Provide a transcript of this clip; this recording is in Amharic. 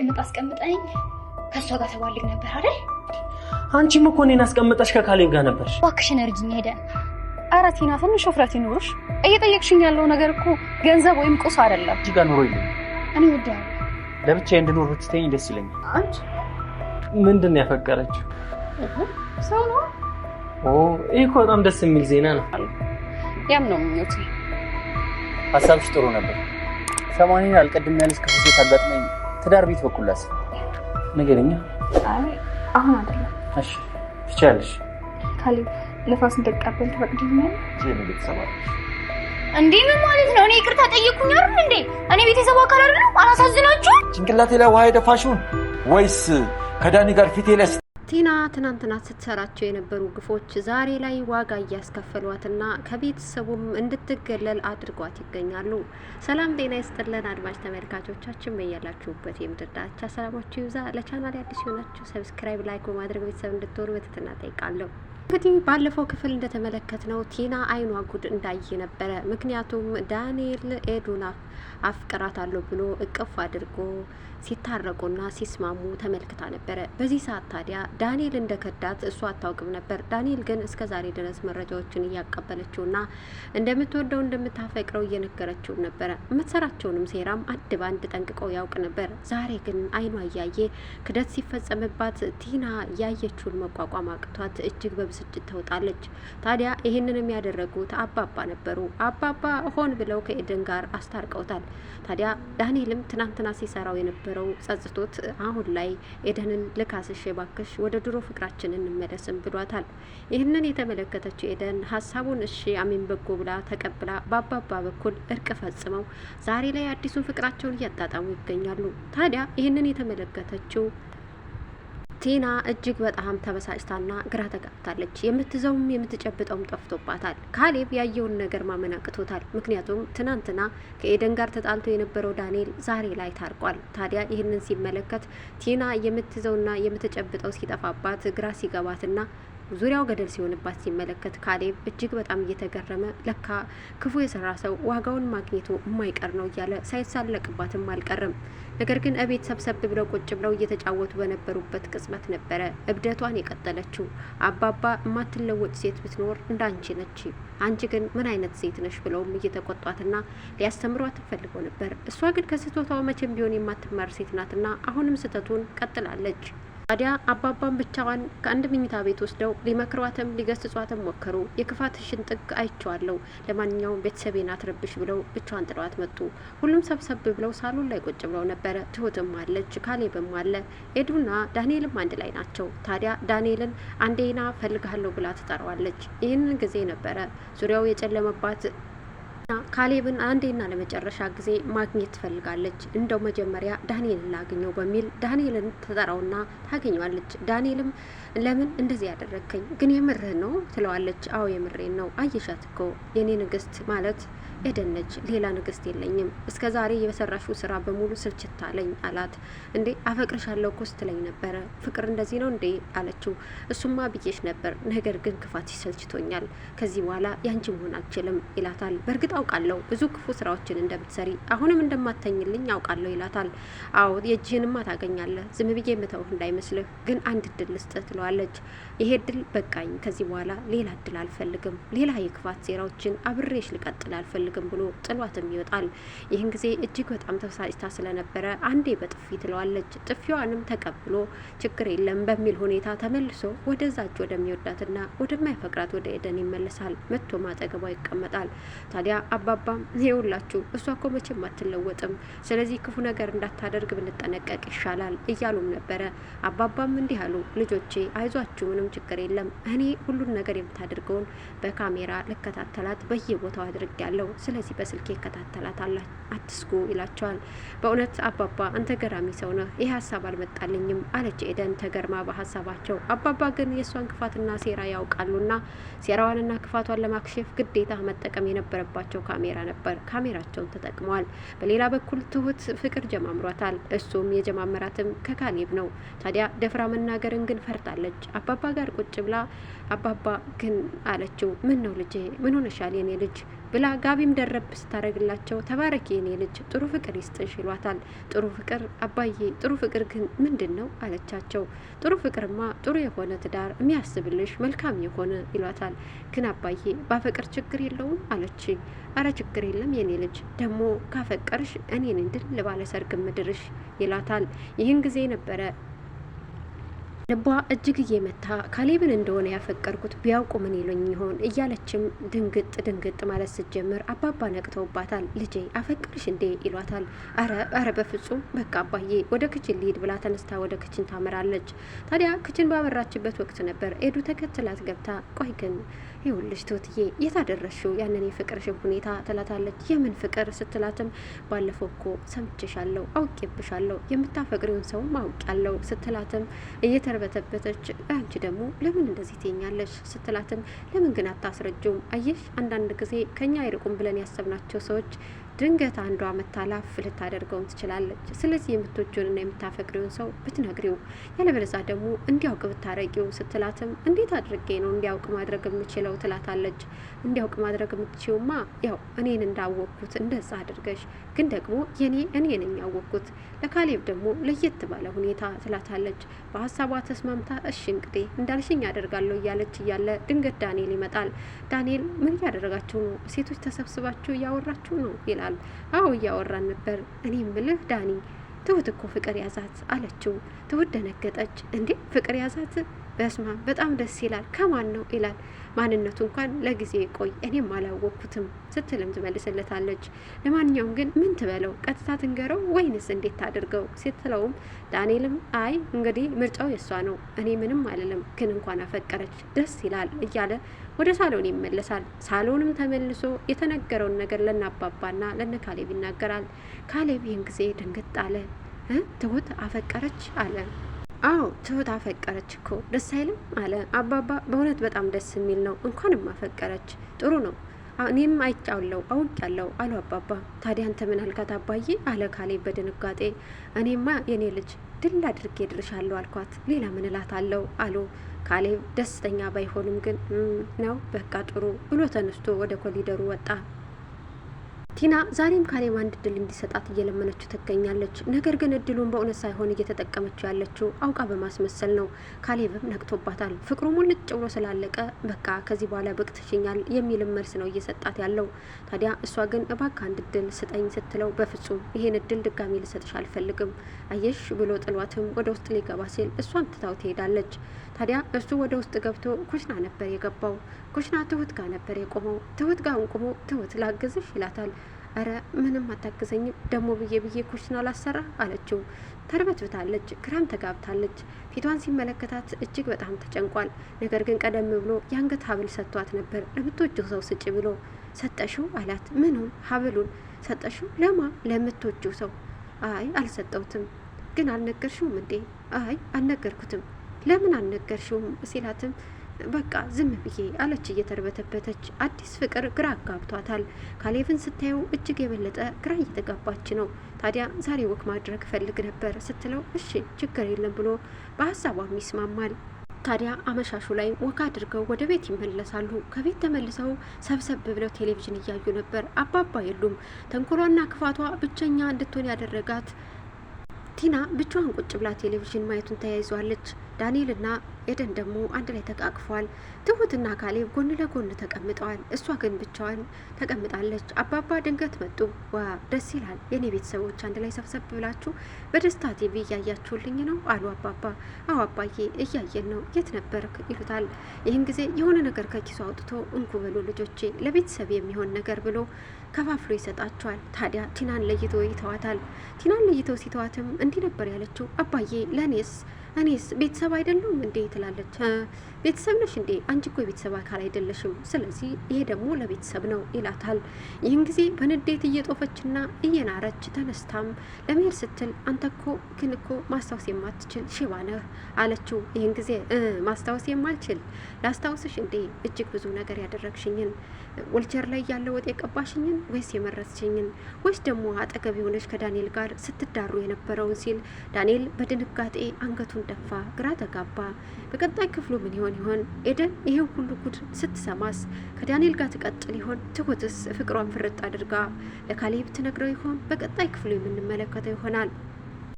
ቅምጥ አስቀምጠኝ ከእሷ ጋር ተባልግ ነበር አይደል? አንቺም እኮ እኔን አስቀምጠሽ ከካሌብ ጋር ነበር። እባክሽን እርጅኝ ሄደ። ኧረ ቲና ትንሽ ውፍረት ይኑርሽ። እየጠየቅሽኝ ያለው ነገር እኮ ገንዘብ ወይም ቁስ አይደለም። እጅ ጋር ኑሮ የለም። እኔ እወድሃለሁ። ለብቻ እንድኖር ብትተኝ ደስ ይለኛል። አንቺ ምንድን ነው ያፈቀረችው? ሰው ነው። ይህ እኮ በጣም ደስ የሚል ዜና ነው። ያም ነው ምኞቴ። ሀሳብሽ ጥሩ ነበር። ሰሞኑን አልቀድም ያለሽ ክፍተት አጋጥመኝ ትዳር ቤት በኩላስ ነገርኛ አሁን አይደለም። እሺ ትችያለሽ። ካሌብ ነፋስ እንደቀበል ትፈቅድልኛል? እንዴ ምን ማለት ነው? እኔ ይቅርታ ጠየቅኩኝ አይደል እንዴ? እኔ ቤተሰብ አካል አይደለም? አላሳዝናችሁ። ጭንቅላቴ ላይ ውሃ የደፋሽውን ወይስ ከዳኒ ጋር ፊቴ ላይ ቲና ትናንትና ስትሰራቸው የነበሩ ግፎች ዛሬ ላይ ዋጋ እያስከፈሏትና ከቤተሰቡም እንድትገለል አድርጓት ይገኛሉ። ሰላም ጤና ይስጥልን አድማጭ ተመልካቾቻችን በያላችሁበት የምድር ዳርቻ ሰላማችሁ ይብዛ። ለቻናል አዲስ የሆናችሁ ሰብስክራይብ፣ ላይክ በማድረግ ቤተሰብ እንድትሆኑ በትህትና ጠይቃለሁ። እንግዲህ ባለፈው ክፍል እንደተመለከትነው ቲና አይኗ ጉድ እንዳየ ነበረ። ምክንያቱም ዳንኤል ኤዱን አፍቅራታለሁ ብሎ እቅፍ አድርጎ ሲታረቁና ሲስማሙ ተመልክታ ነበረ። በዚህ ሰዓት ታዲያ ዳንኤል እንደ ከዳት እሱ አታውቅም ነበር። ዳንኤል ግን እስከ ዛሬ ድረስ መረጃዎችን እያቀበለችውና እንደምትወደው እንደምታፈቅረው እየነገረችው ነበረ። የምትሰራቸውንም ሴራም አንድ በአንድ ጠንቅቀው ያውቅ ነበር። ዛሬ ግን አይኗ እያየ ክደት ሲፈጸምባት ቲና ያየችውን መቋቋም አቅቷት እጅግ በብስጭት ተውጣለች። ታዲያ ይህንን የሚያደረጉት አባባ ነበሩ። አባባ ሆን ብለው ከኤደን ጋር አስታርቀውታል። ታዲያ ዳንኤልም ትናንትና ሲሰራው የነበረ የነበረው ጸጽቶት አሁን ላይ ኤደንን ልካስሽ ባክሽ ወደ ድሮ ፍቅራችን እንመለስም ብሏታል። ይህንን የተመለከተችው ኤደን ሀሳቡን እሺ አሚን በጎ ብላ ተቀብላ በአባባ በኩል እርቅ ፈጽመው ዛሬ ላይ አዲሱን ፍቅራቸውን እያጣጣሙ ይገኛሉ። ታዲያ ይህንን የተመለከተችው ቲና እጅግ በጣም ተበሳጭታና ግራ ተጋብታለች። የምትዘውም የምትጨብጠውም ጠፍቶባታል። ካሌብ ያየውን ነገር ማመን አቅቶታል። ምክንያቱም ትናንትና ከኤደን ጋር ተጣልቶ የነበረው ዳንኤል ዛሬ ላይ ታርቋል። ታዲያ ይህንን ሲመለከት ቲና የምትዘውና የምትጨብጠው ሲጠፋባት ግራ ሲገባትና ዙሪያው ገደል ሲሆንባት ሲመለከት ካሌብ እጅግ በጣም እየተገረመ ለካ ክፉ የሰራ ሰው ዋጋውን ማግኘቱ የማይቀር ነው እያለ ሳይሳለቅባትም አልቀርም። ነገር ግን እቤት ሰብሰብ ብለው ቁጭ ብለው እየተጫወቱ በነበሩበት ቅጽበት ነበረ እብደቷን የቀጠለችው። አባባ የማትለወጭ ሴት ብትኖር እንዳንቺ ነች፣ አንቺ ግን ምን አይነት ሴት ነሽ ብለውም እየተቆጧትና ሊያስተምሯት ፈልጎ ነበር። እሷ ግን ከስህተቷ መቼም ቢሆን የማትማር ሴት ናትና አሁንም ስህተቱን ቀጥላለች። ታዲያ አባባን ብቻዋን ከአንድ መኝታ ቤት ወስደው ሊመክሯትም ሊገስጿትም ሞከሩ። የክፋትሽን ጥግ አይቼዋለሁ፣ ለማንኛውም ቤተሰቤን አትረብሽ ብለው ብቻዋን ጥለዋት መጡ። ሁሉም ሰብሰብ ብለው ሳሎን ላይ ቁጭ ብለው ነበረ። ትሁትም አለች፣ ካሌብም አለ፣ ኤዱና ዳንኤልም አንድ ላይ ናቸው። ታዲያ ዳንኤልን አንዴና ፈልግሃለሁ ብላ ትጠራዋለች። ይህንን ጊዜ ነበረ ዙሪያው የጨለመባት ቲና ካሌብን አንዴና ለመጨረሻ ጊዜ ማግኘት ትፈልጋለች። እንደው መጀመሪያ ዳንኤልን ላገኘው በሚል ዳንኤልን ትጠራውና ታገኘዋለች። ዳንኤልም ለምን እንደዚህ ያደረግከኝ ግን የምርህ ነው ትለዋለች። አዎ የምሬን ነው። አየሻት እኮ የኔ ንግስት ማለት ኤደነች ሌላ ንግስት የለኝም። እስከ ዛሬ የሰራሽው ስራ በሙሉ ስልችት አለኝ አላት። እንዴ አፈቅርሻለሁ እኮ ስትለኝ ነበረ። ፍቅር እንደዚህ ነው እንዴ አለችው። እሱማ ብዬሽ ነበር፣ ነገር ግን ክፋት ሰልችቶኛል። ከዚህ በኋላ ያንቺ መሆን አልችልም ይላታል። በእርግጥ አውቃለሁ ብዙ ክፉ ስራዎችን እንደምትሰሪ፣ አሁንም እንደማተኝልኝ አውቃለሁ ይላታል። አዎ የእጅህንማ ታገኛለህ። ዝም ብዬ ምተውህ እንዳይመስልህ፣ ግን አንድ እድል ልስጥህ ትለዋለች። ይሄ እድል በቃኝ። ከዚህ በኋላ ሌላ እድል አልፈልግም። ሌላ የክፋት ሴራዎችን አብሬሽ ልቀጥል አልፈልግም አልፈልግም ብሎ ጥሏትም ይወጣል። ይህን ጊዜ እጅግ በጣም ተበሳጭታ ስለነበረ አንዴ በጥፊ ትለዋለች። ጥፊዋንም ተቀብሎ ችግር የለም በሚል ሁኔታ ተመልሶ ወደዛች ወደሚወዳትና ወደማይፈቅራት ወደ ኤደን ይመለሳል። መጥቶ ማጠገቧ ይቀመጣል። ታዲያ አባባም ይኸውላችሁ እሷ ኮ መቼም አትለወጥም፣ ስለዚህ ክፉ ነገር እንዳታደርግ ብንጠነቀቅ ይሻላል እያሉም ነበረ። አባባም እንዲህ አሉ፣ ልጆቼ አይዟችሁ፣ ምንም ችግር የለም እኔ ሁሉን ነገር የምታደርገውን በካሜራ ልከታተላት በየቦታው አድርጌያለሁ ስለዚህ በስልክ ይከታተላታል። አትስጉ ይላቸዋል። በእውነት አባባ አንተ ገራሚ ሰው ነህ፣ ይህ ሀሳብ አልመጣልኝም አለች ኤደን ተገርማ በሀሳባቸው። አባባ ግን የእሷን ክፋትና ሴራ ያውቃሉና ሴራዋንና ክፋቷን ለማክሸፍ ግዴታ መጠቀም የነበረባቸው ካሜራ ነበር። ካሜራቸውን ተጠቅመዋል። በሌላ በኩል ትሁት ፍቅር ጀማምሯታል። እሱም የጀማመራትም ከካሌብ ነው። ታዲያ ደፍራ መናገርን ግን ፈርጣለች። አባባ ጋር ቁጭ ብላ አባባ ግን አለችው፣ ምን ነው ልጄ፣ ምን ሆነሻል የኔ ልጅ ብላ ጋቢም ደረብ ስታደርግላቸው ተባረኪ የኔ ልጅ ጥሩ ፍቅር ይስጥሽ ይሏታል። ጥሩ ፍቅር አባዬ፣ ጥሩ ፍቅር ግን ምንድን ነው አለቻቸው። ጥሩ ፍቅርማ ጥሩ የሆነ ትዳር የሚያስብልሽ መልካም የሆነ ይሏታል። ግን አባዬ ባፈቅር ችግር የለውም አለች። አረ ችግር የለም የኔ ልጅ ደግሞ ካፈቀርሽ እኔን እንድል ባለሰርግ ምድርሽ ይላታል። ይህን ጊዜ ነበረ ልቧ እጅግ እየመታ ካሌብን እንደሆነ ያፈቀርኩት ቢያውቁ ምን ይሉኝ ይሆን እያለችም ድንግጥ ድንግጥ ማለት ስትጀምር አባባ ነቅተውባታል። ልጄ አፈቅርሽ እንዴ ይሏታል። አረ በፍጹም በቃ አባዬ ወደ ክችን ሊሄድ ብላ ተነስታ ወደ ክችን ታመራለች። ታዲያ ክችን ባመራችበት ወቅት ነበር ኤዱ ተከትላት ገብታ ቆይ ግን ይውልሽ ትሁትዬ የታደረሽው ያንን የፍቅርሽን ሁኔታ ትላታለች። የምን ፍቅር ስትላትም ባለፈው እኮ ሰምቼሻለሁ፣ አውቄብሻለሁ፣ የምታፈቅሪውን ሰው አውቄያለሁ ስትላትም እየተርበተበተች አንቺ ደግሞ ለምን እንደዚህ ትኛለሽ ስትላትም ለምን ግን አታስረጁም? አየሽ አንዳንድ ጊዜ ከኛ አይርቁም ብለን ያሰብናቸው ሰዎች ድንገት አንዷ መታላፍ ልታደርገውን ትችላለች። ስለዚህ የምትወጂውንና የምታፈቅሪውን ሰው ብትነግሪው፣ ያለበለዚያ ደግሞ እንዲያውቅ ብታረቂው ስትላትም እንዴት አድርጌ ነው እንዲያውቅ ማድረግ የምችለው ትላታለች። እንዲያውቅ ማድረግ የምትችውማ ያው እኔን እንዳወቅኩት እንደዛ አድርገሽ፣ ግን ደግሞ የኔ እኔ ነኝ ያወቅኩት ለካሌብ ደግሞ ለየት ባለ ሁኔታ ትላታለች። በሀሳቧ ተስማምታ እሺ እንግዲህ እንዳልሽኝ አደርጋለሁ እያለች እያለ ድንገት ዳንኤል ይመጣል። ዳንኤል ምን እያደረጋችሁ ነው? ሴቶች ተሰብስባችሁ እያወራችሁ ነው ይላል ብሏል። አዎ እያወራን ነበር። እኔ ምልህ ዳኒ ትሁት እኮ ፍቅር ያዛት አለችው። ትሁት ደነገጠች። እንዴ ፍቅር ያዛት በስማ በጣም ደስ ይላል። ከማን ነው ይላል። ማንነቱ እንኳን ለጊዜ ቆይ እኔም አላወቅኩትም ስትልም ትመልስለታለች። ለማንኛውም ግን ምን ትበለው ቀጥታ ትንገረው ወይንስ እንዴት ታደርገው ስትለውም ዳንኤልም አይ እንግዲህ ምርጫው የሷ ነው፣ እኔ ምንም አልልም፣ ግን እንኳን አፈቀረች ደስ ይላል እያለ ወደ ሳሎን ይመለሳል። ሳሎንም ተመልሶ የተነገረውን ነገር ለናባባና ለነ ካሌብ ይናገራል። ካሌብ ይህን ጊዜ ድንግጥ አለ። ትሁት አፈቀረች አለ አዎ ትሁት አፈቀረች እኮ ደስ አይልም አለ አባባ። በእውነት በጣም ደስ የሚል ነው። እንኳንም አፈቀረች ጥሩ ነው። እኔም አይጫውለው አውቅ ያለው አሉ አባባ። ታዲያ አንተ ምን አልካት አባዬ? አለ ካሌ በድንጋጤ። እኔማ የኔ ልጅ ድል አድርጌ ድርሻለሁ አልኳት። ሌላ ምን እላታለሁ? አሉ ካሌብ። ደስተኛ ባይሆንም ግን ነው በቃ ጥሩ ብሎ ተነስቶ ወደ ኮሊደሩ ወጣ። ቲና ዛሬም ካሌብ አንድ እድል እንዲሰጣት እየለመነችው ትገኛለች። ነገር ግን እድሉን በእውነት ሳይሆን እየተጠቀመችው ያለችው አውቃ በማስመሰል ነው። ካሌብም ነቅቶባታል። ፍቅሩ ሙልጭ ብሎ ስላለቀ በቃ ከዚህ በኋላ ትሽኛል የሚል መልስ ነው እየሰጣት ያለው። ታዲያ እሷ ግን እባክህ አንድ እድል ስጠኝ ስትለው በፍጹም ይሄን እድል ድጋሚ ልሰጥሽ አልፈልግም አየሽ ብሎ ጥሏትም ወደ ውስጥ ሊገባ ሲል እሷም ትታው ትሄዳለች። ታዲያ እሱ ወደ ውስጥ ገብቶ ኩሽና ነበር የገባው። ኩሽና ትሁት ጋር ነበር የቆመው። ትሁት ጋር ቁሞ ትሁት ላግዝሽ ይላታል። እረ ምንም አታግዘኝም ደግሞ ብዬ ብዬ ኩሽና ላሰራ አለችው። ተርበትብታለች፣ ግራም ተጋብታለች። ፊቷን ሲመለከታት እጅግ በጣም ተጨንቋል። ነገር ግን ቀደም ብሎ የአንገት ሀብል ሰጥቷት ነበር ለምትወጂው ሰው ስጪ ብሎ ሰጠሽው አላት። ምኑን? ሀብሉን ሰጠሽው? ለማ? ለምትወጂው ሰው? አይ አልሰጠውትም ግን አልነገርሽውም እንዴ? አይ አልነገርኩትም። ለምን አልነገርሽውም ሲላትም በቃ ዝም ብዬ አለች እየተርበተበተች። አዲስ ፍቅር ግራ አጋብቷታል። ካሌብን ስታየው እጅግ የበለጠ ግራ እየተጋባች ነው። ታዲያ ዛሬ ወክ ማድረግ ፈልግ ነበር ስትለው እሺ ችግር የለም ብሎ በሀሳቧም ይስማማል። ታዲያ አመሻሹ ላይ ወካ አድርገው ወደ ቤት ይመለሳሉ። ከቤት ተመልሰው ሰብሰብ ብለው ቴሌቪዥን እያዩ ነበር። አባባ የሉም። ተንኮሏና ክፋቷ ብቸኛ እንድትሆን ያደረጋት ቲና ብቻዋን ቁጭ ብላ ቴሌቪዥን ማየቱን ተያይዟለች። ዳንኤልና ኤደን ደግሞ አንድ ላይ ተቃቅፏል። ትሁትና ካሌብ ጎን ለጎን ተቀምጠዋል። እሷ ግን ብቻዋን ተቀምጣለች። አባባ ድንገት መጡ። ዋ ደስ ይላል፣ የኔ ቤተሰቦች አንድ ላይ ሰብሰብ ብላችሁ በደስታ ቲቪ እያያችሁልኝ ነው አሉ አባባ። አዎ አባዬ እያየን ነው፣ የት ነበርክ ይሉታል። ይህን ጊዜ የሆነ ነገር ከኪሱ አውጥቶ እንኩ በሉ ልጆቼ፣ ለቤተሰብ የሚሆን ነገር ብሎ ከፋፍሎ ይሰጣቸዋል። ታዲያ ቲናን ለይቶ ይተዋታል። ቲናን ለይቶ ሲተዋትም እንዲህ ነበር ያለችው፣ አባዬ ለእኔስ እኔስ ቤተሰብ አይደሉም እንዴ ትላለች። ቤተሰብ ነሽ እንዴ? አንቺ እኮ የቤተሰብ አካል አይደለሽም። ስለዚህ ይሄ ደግሞ ለቤተሰብ ነው ይላታል። ይህን ጊዜ በንዴት እየጦፈችና እየናረች ተነስታም ለመሄድ ስትል አንተ እኮ ግን እኮ ማስታወስ የማትችል ሽባ ነህ አለችው። ይህን ጊዜ ማስታወስ የማልችል ላስታውስሽ እንዴ? እጅግ ብዙ ነገር ያደረግሽኝን፣ ወልቸር ላይ ያለ ወጥ የቀባሽኝን፣ ወይስ የመረስሽኝን፣ ወይስ ደግሞ አጠገብ የሆነች ከዳንኤል ጋር ስትዳሩ የነበረውን ሲል ዳንኤል በድንጋጤ አንገቱን ራሱን ደፋ፣ ግራ ተጋባ። በቀጣይ ክፍሉ ምን ይሆን ይሆን? ኤደን ይሄን ሁሉ ጉድ ስትሰማስ ከዳንኤል ጋር ትቀጥል ይሆን? ትሁትስ ፍቅሯን ፍርጥ አድርጋ ለካሌብ ትነግረው ይሆን? በቀጣይ ክፍሉ የምንመለከተው ይሆናል።